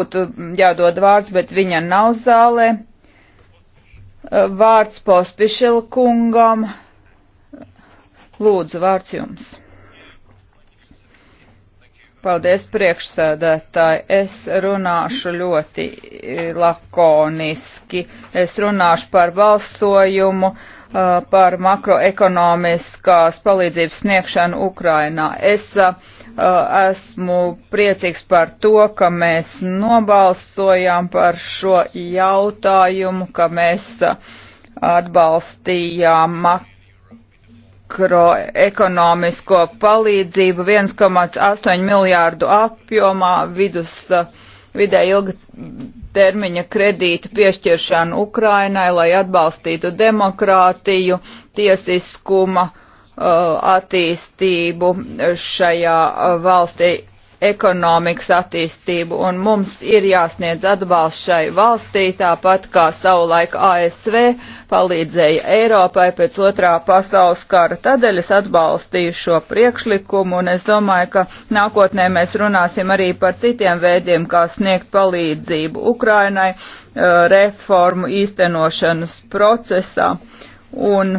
būtu jādod vārds, bet viņa nav zālē. Eh, vārds pospišela kungam. Lūdzu, vārds jums. Paldies, priekšsēdētāji. Es runāšu ļoti eh, lakoniski. Es runāšu par balsojumu, eh, par makroekonomiskās palīdzības sniegšanu Ukrainā. Es uh, Uh, esmu priecīgs par to, ka mēs nobalsojām par šo jautājumu, ka mēs uh, atbalstījām makroekonomisko palīdzību 1,8 miljārdu apjomā vidus uh, vidē ilga termiņa kredīta piešķiršanu Ukrainai, lai atbalstītu demokrātiju, tiesiskuma, uh, Uh, attīstību šajā uh, valstī, ekonomikas attīstību, un mums ir jāsniedz atbalsts šai valstī, tāpat kā savulaik ASV palīdzēja Eiropai pēc otrā pasaules kara. Tādēļ es atbalstīju šo priekšlikumu, un es domāju, ka nākotnē mēs runāsim arī par citiem veidiem, kā sniegt palīdzību Ukrainai uh, reformu īstenošanas procesā. Un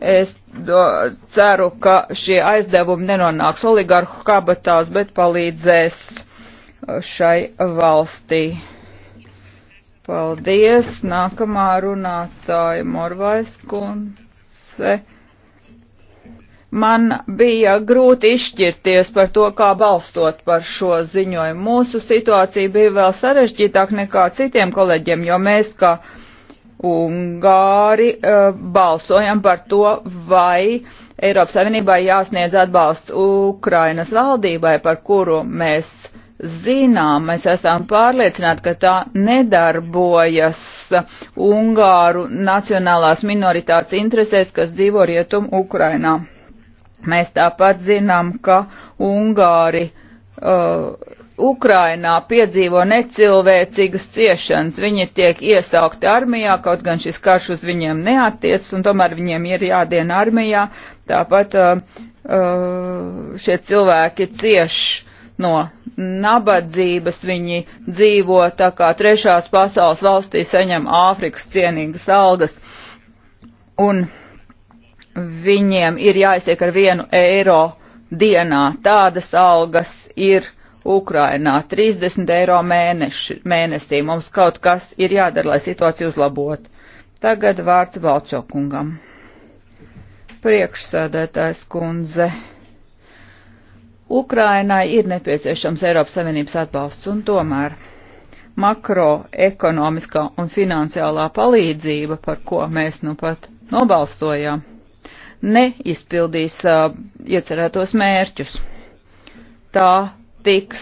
Es do, ceru, ka šie aizdevumi nenonāks oligarhu kabatās, bet palīdzēs uh, šai valstī. Paldies! Nākamā runātāja Morvais kundze. Man bija grūti izšķirties par to, kā balstot par šo ziņojumu. Mūsu situācija bija vēl sarežģītāk nekā citiem kolēģiem, jo mēs, kā ka Ungāri eh, balsojam par to, vai Eiropas Savienībai jāsniedz atbalsts Ukrainas valdībai, par kuru mēs zinām, mēs esam pārliecināti, ka tā nedarbojas Ungāru nacionālās minoritātes interesēs, kas dzīvo rietum Ukrainā. Mēs tāpat zinām, ka Ungāri uh, Ukrainā piedzīvo necilvēcīgas ciešanas. Viņi tiek iesaukti armijā, kaut gan šis karš uz viņiem neatiec, un tomēr viņiem ir jādien armijā. Tāpat uh, uh, šie cilvēki cieš no nabadzības, viņi dzīvo tā kā trešās pasaules valstī saņem Āfrikas cienīgas algas. Un viņiem ir jāiztiek ar vienu eiro dienā. Tādas algas ir Ukrainā 30 eiro mēneši, mēnesī. Mums kaut kas ir jādara, lai situāciju uzlabotu. Tagad vārds Valčokungam. Priekšsēdētājs kundze. Ukrainai ir nepieciešams Eiropas Savienības atbalsts, un tomēr makroekonomiskā un finansiālā palīdzība, par ko mēs nu pat nobalstojām, neizpildīs uh, iecerētos mērķus. Tā tiks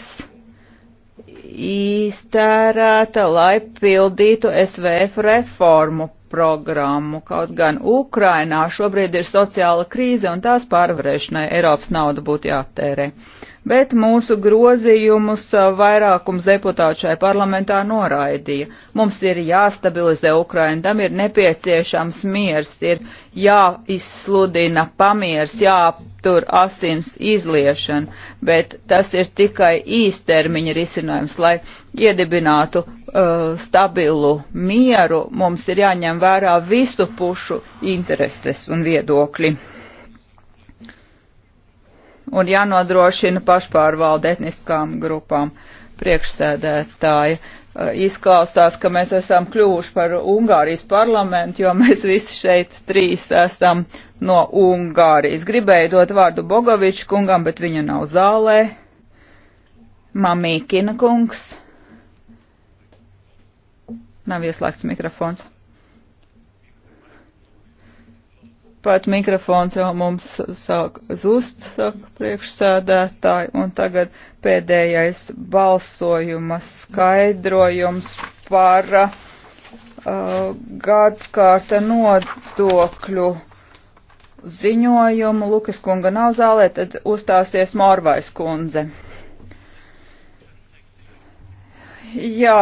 iztērēta, lai pildītu SVF reformu programmu. Kaut gan Ukrainā šobrīd ir sociāla krīze un tās pārvarēšanai Eiropas nauda būtu jātērē. Uh, bet mūsu grozījumus vairākums deputātu šai parlamentā noraidīja. Mums ir jāstabilizē Ukraina, tam ir nepieciešams miers, ir jāizsludina pamiers, jāaptur asins izliešana, bet tas ir tikai īstermiņa risinājums, lai iedibinātu uh, stabilu mieru, mums ir jāņem vērā visu pušu intereses un viedokļi un jānodrošina pašpārvalde etniskām grupām priekšsēdētāji. Eh, izklausās, ka mēs esam kļuvuši par Ungārijas parlamentu, jo mēs visi šeit trīs esam no Ungārijas. Gribēju dot vārdu Bogoviču kungam, bet viņa nav zālē. Mamīkina kungs. Nav ieslēgts mikrofons. Pat mikrofons jau mums sāk zust, saka priekšsēdētāji, un tagad pēdējais balsojuma skaidrojums par uh, gadskārta nodokļu ziņojumu. Lukas kunga nav zālē, tad uzstāsies Morvais kundze. Jā,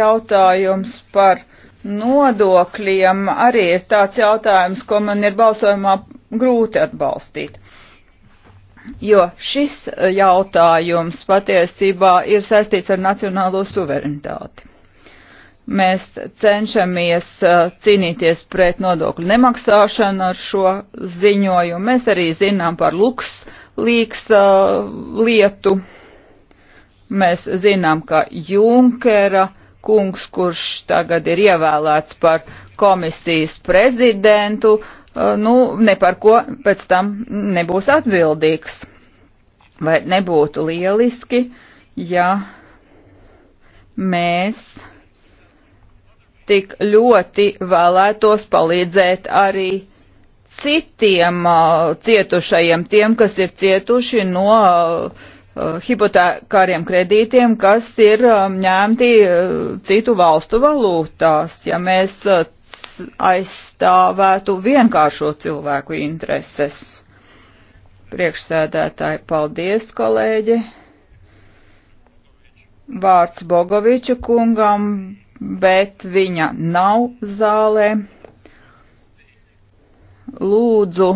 jautājums par nodokļiem arī ir tāds jautājums, ko man ir balsojumā grūti atbalstīt. Jo šis jautājums patiesībā ir saistīts ar nacionālo suverenitāti. Mēs cenšamies uh, cīnīties pret nodokļu nemaksāšanu ar šo ziņojumu. Mēs arī zinām par luks līks uh, lietu. Mēs zinām, ka Junkera uh, kungs, kurš tagad ir ievēlēts par komisijas prezidentu, uh, nu, ne par ko pēc tam nebūs atbildīgs. Vai nebūtu lieliski, ja mēs tik ļoti vēlētos palīdzēt arī citiem uh, cietušajiem, tiem, kas ir cietuši no uh, Uh, hipotekāriem kredītiem, kas ir um, ņemti uh, citu valstu valūtās, ja mēs uh, aizstāvētu vienkāršo cilvēku intereses. Priekšsēdētāji, paldies, kolēģi. Vārds Bogoviča kungam, bet viņa nav zālē. Lūdzu,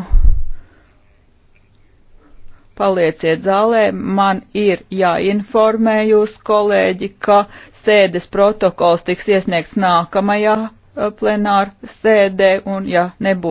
palieciet zālē. Man ir jāinformē jūs, kolēģi, ka sēdes protokols tiks iesniegts nākamajā uh, plenāra sēdē, un ja nebūs.